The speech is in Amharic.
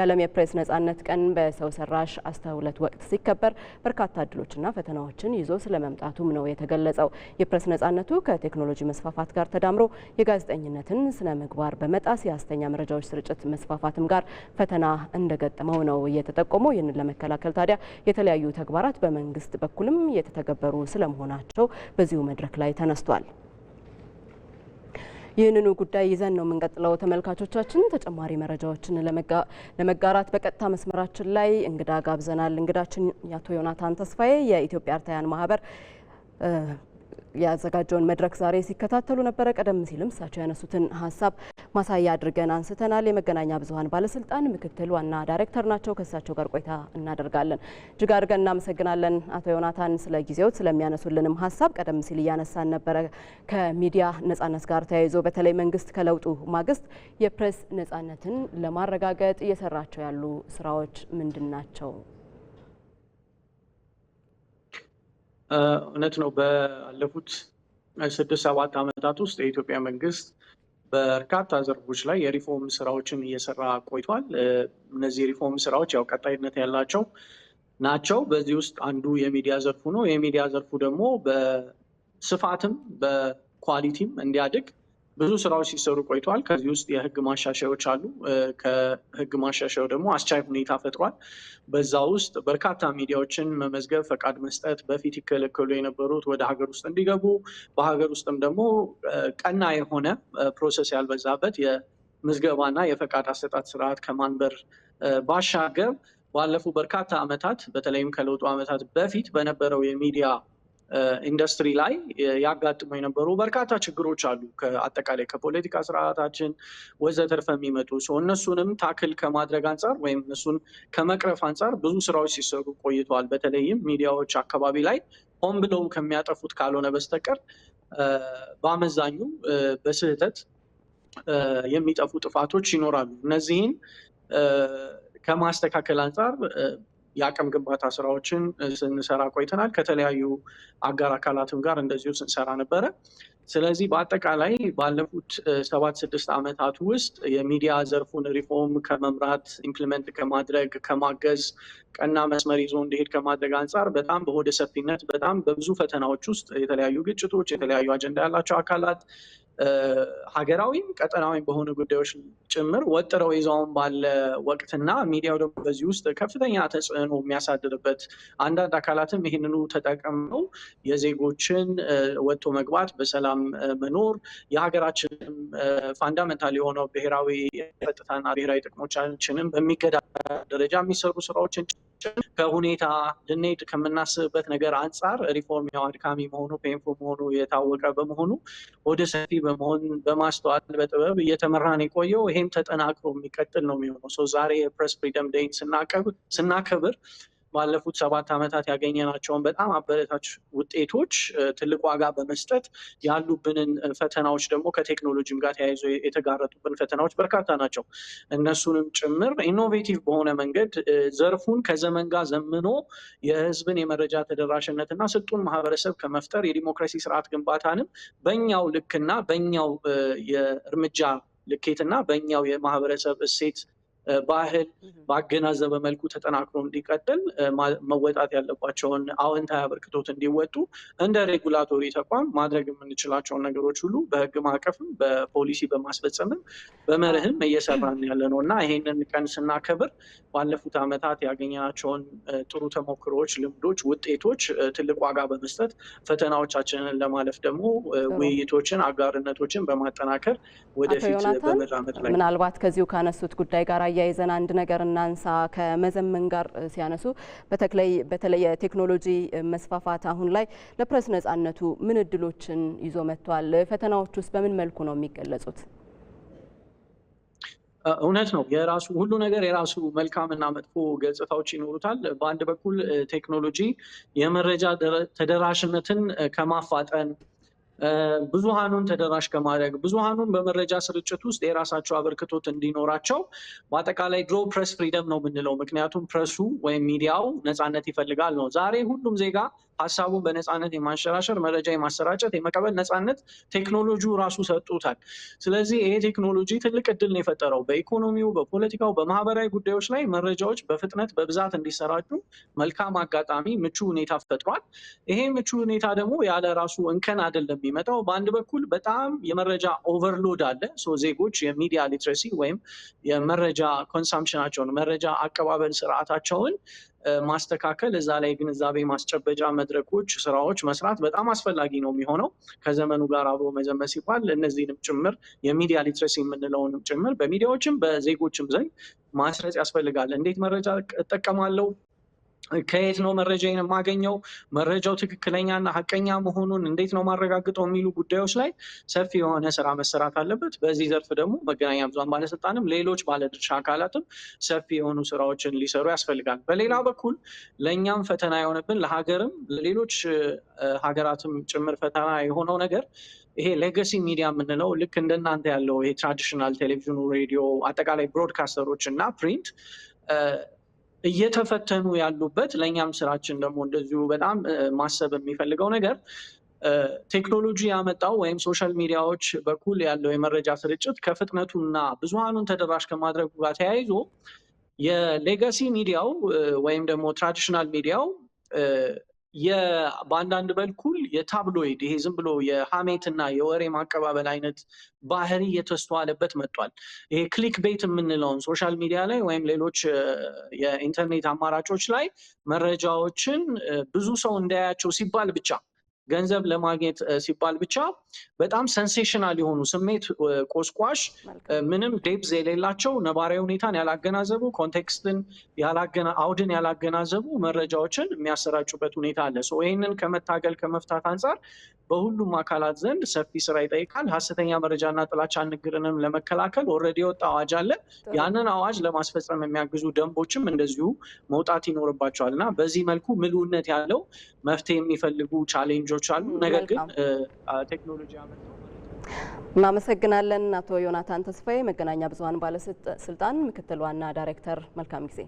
የዓለም የፕሬስ ነጻነት ቀን በሰው ሰራሽ አስተውለት ወቅት ሲከበር በርካታ እድሎችና ፈተናዎችን ይዞ ስለመምጣቱም ነው የተገለጸው። የፕሬስ ነጻነቱ ከቴክኖሎጂ መስፋፋት ጋር ተዳምሮ የጋዜጠኝነትን ስነ ምግባር በመጣስ የሐሰተኛ መረጃዎች ስርጭት መስፋፋትም ጋር ፈተና እንደገጠመው ነው እየተጠቆመው። ይህንን ለመከላከል ታዲያ የተለያዩ ተግባራት በመንግስት በኩልም የተተገበሩ ስለመሆናቸው በዚሁ መድረክ ላይ ተነስቷል። ይህንኑ ጉዳይ ይዘን ነው የምንቀጥለው። ተመልካቾቻችን ተጨማሪ መረጃዎችን ለመጋራት በቀጥታ መስመራችን ላይ እንግዳ ጋብዘናል። እንግዳችን አቶ ዮናታን ተስፋዬ የኢትዮጵያ አርታያን ማህበር ያዘጋጀውን መድረክ ዛሬ ሲከታተሉ ነበረ። ቀደም ሲልም እሳቸው ያነሱትን ሀሳብ ማሳያ አድርገን አንስተናል። የመገናኛ ብዙኃን ባለስልጣን ምክትል ዋና ዳይሬክተር ናቸው። ከእሳቸው ጋር ቆይታ እናደርጋለን። እጅግ አድርገን እናመሰግናለን አቶ ዮናታን ስለ ጊዜዎት ስለሚያነሱልንም ሀሳብ ቀደም ሲል እያነሳን ነበረ። ከሚዲያ ነጻነት ጋር ተያይዞ በተለይ መንግስት ከለውጡ ማግስት የፕሬስ ነጻነትን ለማረጋገጥ እየሰራቸው ያሉ ስራዎች ምንድን ናቸው? እውነት ነው። ባለፉት ስድስት ሰባት ዓመታት ውስጥ የኢትዮጵያ መንግስት በርካታ ዘርፎች ላይ የሪፎርም ስራዎችን እየሰራ ቆይቷል። እነዚህ የሪፎርም ስራዎች ያው ቀጣይነት ያላቸው ናቸው። በዚህ ውስጥ አንዱ የሚዲያ ዘርፉ ነው። የሚዲያ ዘርፉ ደግሞ በስፋትም በኳሊቲም እንዲያድግ ብዙ ስራዎች ሲሰሩ ቆይተዋል። ከዚህ ውስጥ የህግ ማሻሻያዎች አሉ። ከህግ ማሻሻያው ደግሞ አስቻይ ሁኔታ ፈጥሯል። በዛ ውስጥ በርካታ ሚዲያዎችን መመዝገብ፣ ፈቃድ መስጠት፣ በፊት ይከለከሉ የነበሩት ወደ ሀገር ውስጥ እንዲገቡ በሀገር ውስጥም ደግሞ ቀና የሆነ ፕሮሰስ ያልበዛበት የምዝገባና የፈቃድ አሰጣጥ ስርዓት ከማንበር ባሻገር ባለፉ በርካታ ዓመታት በተለይም ከለውጡ ዓመታት በፊት በነበረው የሚዲያ ኢንዱስትሪ ላይ ያጋጥሙ የነበሩ በርካታ ችግሮች አሉ። ከአጠቃላይ ከፖለቲካ ስርዓታችን ወዘተርፈ የሚመጡ እነሱንም ታክል ከማድረግ አንጻር ወይም እነሱን ከመቅረፍ አንጻር ብዙ ስራዎች ሲሰሩ ቆይተዋል። በተለይም ሚዲያዎች አካባቢ ላይ ሆን ብለው ከሚያጠፉት ካልሆነ በስተቀር በአመዛኙ በስህተት የሚጠፉ ጥፋቶች ይኖራሉ። እነዚህን ከማስተካከል አንጻር የአቅም ግንባታ ስራዎችን ስንሰራ ቆይተናል። ከተለያዩ አጋር አካላትም ጋር እንደዚሁ ስንሰራ ነበረ። ስለዚህ በአጠቃላይ ባለፉት ሰባት ስድስት ዓመታት ውስጥ የሚዲያ ዘርፉን ሪፎርም ከመምራት ኢምፕሊመንት ከማድረግ ከማገዝ፣ ቀና መስመር ይዞ እንዲሄድ ከማድረግ አንጻር በጣም በሆደ ሰፊነት በጣም በብዙ ፈተናዎች ውስጥ የተለያዩ ግጭቶች፣ የተለያዩ አጀንዳ ያላቸው አካላት ሀገራዊም ቀጠናዊም በሆኑ ጉዳዮች ጭምር ወጥረው ይዘውን ባለ ወቅትና ሚዲያው ደግሞ በዚህ ውስጥ ከፍተኛ ተጽዕኖ የሚያሳድርበት አንዳንድ አካላትም ይህንኑ ተጠቅመው የዜጎችን ወጥቶ መግባት፣ በሰላም መኖር የሀገራችንም ፋንዳመንታል የሆነው ብሔራዊ ጸጥታና ብሔራዊ ጥቅሞቻችንን በሚገዳ ደረጃ የሚሰሩ ስራዎችን ከሁኔታ ልንሄድ ከምናስብበት ነገር አንጻር ሪፎርም ያው አድካሚ መሆኑ ፔንፉል መሆኑ የታወቀ በመሆኑ ወደ ሰፊ በመሆን በማስተዋል በጥበብ እየተመራን የቆየው ይሄም ተጠናክሮ የሚቀጥል ነው የሚሆነው። ዛሬ የፕሬስ ፍሪደም ዴይን ስናከብር ባለፉት ሰባት ዓመታት ያገኘናቸውን በጣም አበረታች ውጤቶች ትልቅ ዋጋ በመስጠት ያሉብንን ፈተናዎች ደግሞ ከቴክኖሎጂም ጋር ተያይዞ የተጋረጡብን ፈተናዎች በርካታ ናቸው። እነሱንም ጭምር ኢኖቬቲቭ በሆነ መንገድ ዘርፉን ከዘመን ጋር ዘምኖ የህዝብን የመረጃ ተደራሽነትና ስልጡን ማህበረሰብ ከመፍጠር የዲሞክራሲ ስርዓት ግንባታንም በኛው ልክና በኛው የእርምጃ ልኬትና በኛው የማህበረሰብ እሴት ባህል ባገናዘበ መልኩ ተጠናክሮ እንዲቀጥል መወጣት ያለባቸውን አዎንታዊ አበርክቶት እንዲወጡ እንደ ሬጉላቶሪ ተቋም ማድረግ የምንችላቸውን ነገሮች ሁሉ በህግ ማዕቀፍም በፖሊሲ በማስፈጸምም በመርህም እየሰራን ያለ ነው እና ይሄንን ቀን ስናከብር ባለፉት ዓመታት ያገኘናቸውን ጥሩ ተሞክሮዎች፣ ልምዶች፣ ውጤቶች ትልቅ ዋጋ በመስጠት ፈተናዎቻችንን ለማለፍ ደግሞ ውይይቶችን፣ አጋርነቶችን በማጠናከር ወደፊት በመራመድ ላይ ምናልባት ከዚሁ ካነሱት ጉዳይ ጋር አያይዘን አንድ ነገር እናንሳ። ከመዘመን ጋር ሲያነሱ በተለይ የቴክኖሎጂ መስፋፋት አሁን ላይ ለፕሬስ ነጻነቱ ምን እድሎችን ይዞ መጥቷል? ፈተናዎች ውስጥ በምን መልኩ ነው የሚገለጹት? እውነት ነው። የራሱ ሁሉ ነገር የራሱ መልካም እና መጥፎ ገጽታዎች ይኖሩታል። በአንድ በኩል ቴክኖሎጂ የመረጃ ተደራሽነትን ከማፋጠን ብዙሃኑን ተደራሽ ከማድረግ ብዙሃኑን በመረጃ ስርጭት ውስጥ የራሳቸው አበርክቶት እንዲኖራቸው በአጠቃላይ ድሮ ፕሬስ ፍሪደም ነው የምንለው። ምክንያቱም ፕሬሱ ወይም ሚዲያው ነፃነት ይፈልጋል ነው። ዛሬ ሁሉም ዜጋ ሀሳቡን በነፃነት የማንሸራሸር መረጃ የማሰራጨት የመቀበል ነፃነት ቴክኖሎጂው ራሱ ሰጡታል። ስለዚህ ይሄ ቴክኖሎጂ ትልቅ እድል ነው የፈጠረው። በኢኮኖሚው፣ በፖለቲካው፣ በማህበራዊ ጉዳዮች ላይ መረጃዎች በፍጥነት በብዛት እንዲሰራጩ መልካም አጋጣሚ፣ ምቹ ሁኔታ ፈጥሯል። ይሄ ምቹ ሁኔታ ደግሞ ያለ ራሱ እንከን አይደለም የሚመጣው። በአንድ በኩል በጣም የመረጃ ኦቨርሎድ አለ። ዜጎች የሚዲያ ሊትረሲ ወይም የመረጃ ኮንሳምፕሽናቸውን መረጃ አቀባበል ስርዓታቸውን ማስተካከል እዛ ላይ ግንዛቤ ማስጨበጫ መድረኮች፣ ስራዎች መስራት በጣም አስፈላጊ ነው የሚሆነው። ከዘመኑ ጋር አብሮ መዘመን ሲባል እነዚህንም ጭምር የሚዲያ ሊትረሲ የምንለውንም ጭምር በሚዲያዎችም በዜጎችም ዘንድ ማስረጽ ያስፈልጋል። እንዴት መረጃ እጠቀማለሁ ከየት ነው መረጃዬን የማገኘው? መረጃው ትክክለኛና ሀቀኛ መሆኑን እንዴት ነው ማረጋግጠው? የሚሉ ጉዳዮች ላይ ሰፊ የሆነ ስራ መሰራት አለበት። በዚህ ዘርፍ ደግሞ መገናኛ ብዙሃን ባለስልጣንም ሌሎች ባለድርሻ አካላትም ሰፊ የሆኑ ስራዎችን ሊሰሩ ያስፈልጋል። በሌላ በኩል ለእኛም ፈተና የሆነብን ለሀገርም ለሌሎች ሀገራትም ጭምር ፈተና የሆነው ነገር ይሄ ሌጋሲ ሚዲያ የምንለው ልክ እንደናንተ ያለው ይሄ ትራዲሽናል ቴሌቪዥኑ፣ ሬዲዮ፣ አጠቃላይ ብሮድካስተሮች እና ፕሪንት እየተፈተኑ ያሉበት ለእኛም ስራችን ደግሞ እንደዚሁ በጣም ማሰብ የሚፈልገው ነገር ቴክኖሎጂ ያመጣው ወይም ሶሻል ሚዲያዎች በኩል ያለው የመረጃ ስርጭት ከፍጥነቱና ብዙሃኑን ተደራሽ ከማድረጉ ጋር ተያይዞ የሌጋሲ ሚዲያው ወይም ደግሞ ትራዲሽናል ሚዲያው በአንዳንድ በልኩል የታብሎይድ ይሄ ዝም ብሎ የሀሜትና የወሬ ማቀባበል አይነት ባህሪ እየተስተዋለበት መጥቷል። ይሄ ክሊክ ቤት የምንለውን ሶሻል ሚዲያ ላይ ወይም ሌሎች የኢንተርኔት አማራጮች ላይ መረጃዎችን ብዙ ሰው እንዳያቸው ሲባል ብቻ ገንዘብ ለማግኘት ሲባል ብቻ በጣም ሰንሴሽናል የሆኑ ስሜት ቆስቋሽ፣ ምንም ዴፕዝ የሌላቸው ነባሪያ ሁኔታን ያላገናዘቡ፣ ኮንቴክስትን አውድን ያላገናዘቡ መረጃዎችን የሚያሰራጩበት ሁኔታ አለ። ይህንን ከመታገል ከመፍታት አንጻር በሁሉም አካላት ዘንድ ሰፊ ስራ ይጠይቃል። ሀሰተኛ መረጃና ጥላቻ ንግርንም ለመከላከል ኦልሬዲ የወጣ አዋጅ አለ። ያንን አዋጅ ለማስፈጸም የሚያግዙ ደንቦችም እንደዚሁ መውጣት ይኖርባቸዋል እና በዚህ መልኩ ምልውነት ያለው መፍትሄ የሚፈልጉ ቻሌንጆች ነገሮች አሉ። ነገር ግን ቴክኖሎጂ ያመጣው እናመሰግናለን። አቶ ዮናታን ተስፋዬ መገናኛ ብዙኃን ባለስልጣን ምክትል ዋና ዳይሬክተር፣ መልካም ጊዜ